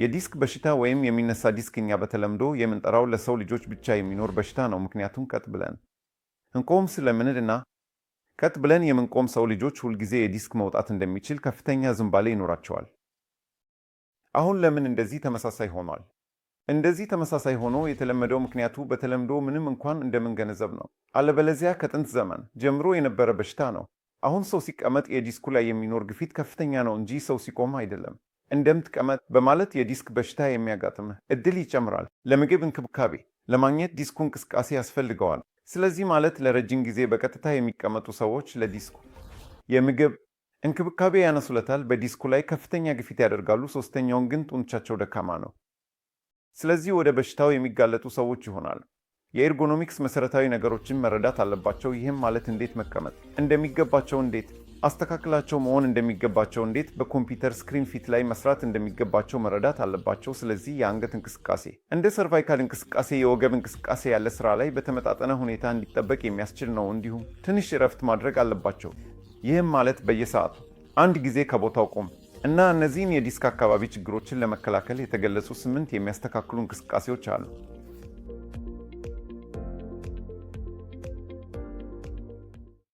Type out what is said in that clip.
የዲስክ በሽታ ወይም የሚነሳ ዲስክ እኛ በተለምዶ የምንጠራው ለሰው ልጆች ብቻ የሚኖር በሽታ ነው። ምክንያቱም ቀጥ ብለን እንቆም ስለምንድና ቀጥ ብለን የምንቆም ሰው ልጆች ሁልጊዜ የዲስክ መውጣት እንደሚችል ከፍተኛ ዝንባሌ ይኖራቸዋል። አሁን ለምን እንደዚህ ተመሳሳይ ሆኗል? እንደዚህ ተመሳሳይ ሆኖ የተለመደው ምክንያቱ በተለምዶ ምንም እንኳን እንደምንገነዘብ ነው። አለበለዚያ ከጥንት ዘመን ጀምሮ የነበረ በሽታ ነው። አሁን ሰው ሲቀመጥ የዲስኩ ላይ የሚኖር ግፊት ከፍተኛ ነው እንጂ ሰው ሲቆም አይደለም። እንደምትቀመጥ በማለት የዲስክ በሽታ የሚያጋጥምህ እድል ይጨምራል። ለምግብ እንክብካቤ ለማግኘት ዲስኩ እንቅስቃሴ ያስፈልገዋል። ስለዚህ ማለት ለረጅም ጊዜ በቀጥታ የሚቀመጡ ሰዎች ለዲስኩ የምግብ እንክብካቤ ያነሱለታል፣ በዲስኩ ላይ ከፍተኛ ግፊት ያደርጋሉ። ሶስተኛውን ግን ጡንቻቸው ደካማ ነው። ስለዚህ ወደ በሽታው የሚጋለጡ ሰዎች ይሆናል። የኤርጎኖሚክስ መሰረታዊ ነገሮችን መረዳት አለባቸው። ይህም ማለት እንዴት መቀመጥ እንደሚገባቸው፣ እንዴት አስተካክላቸው መሆን እንደሚገባቸው፣ እንዴት በኮምፒውተር ስክሪን ፊት ላይ መስራት እንደሚገባቸው መረዳት አለባቸው። ስለዚህ የአንገት እንቅስቃሴ እንደ ሰርቫይካል እንቅስቃሴ፣ የወገብ እንቅስቃሴ ያለ ስራ ላይ በተመጣጠነ ሁኔታ እንዲጠበቅ የሚያስችል ነው። እንዲሁም ትንሽ እረፍት ማድረግ አለባቸው። ይህም ማለት በየሰዓቱ አንድ ጊዜ ከቦታው ቆም እና እነዚህን የዲስክ አካባቢ ችግሮችን ለመከላከል የተገለጹ ስምንት የሚያስተካክሉ እንቅስቃሴዎች አሉ።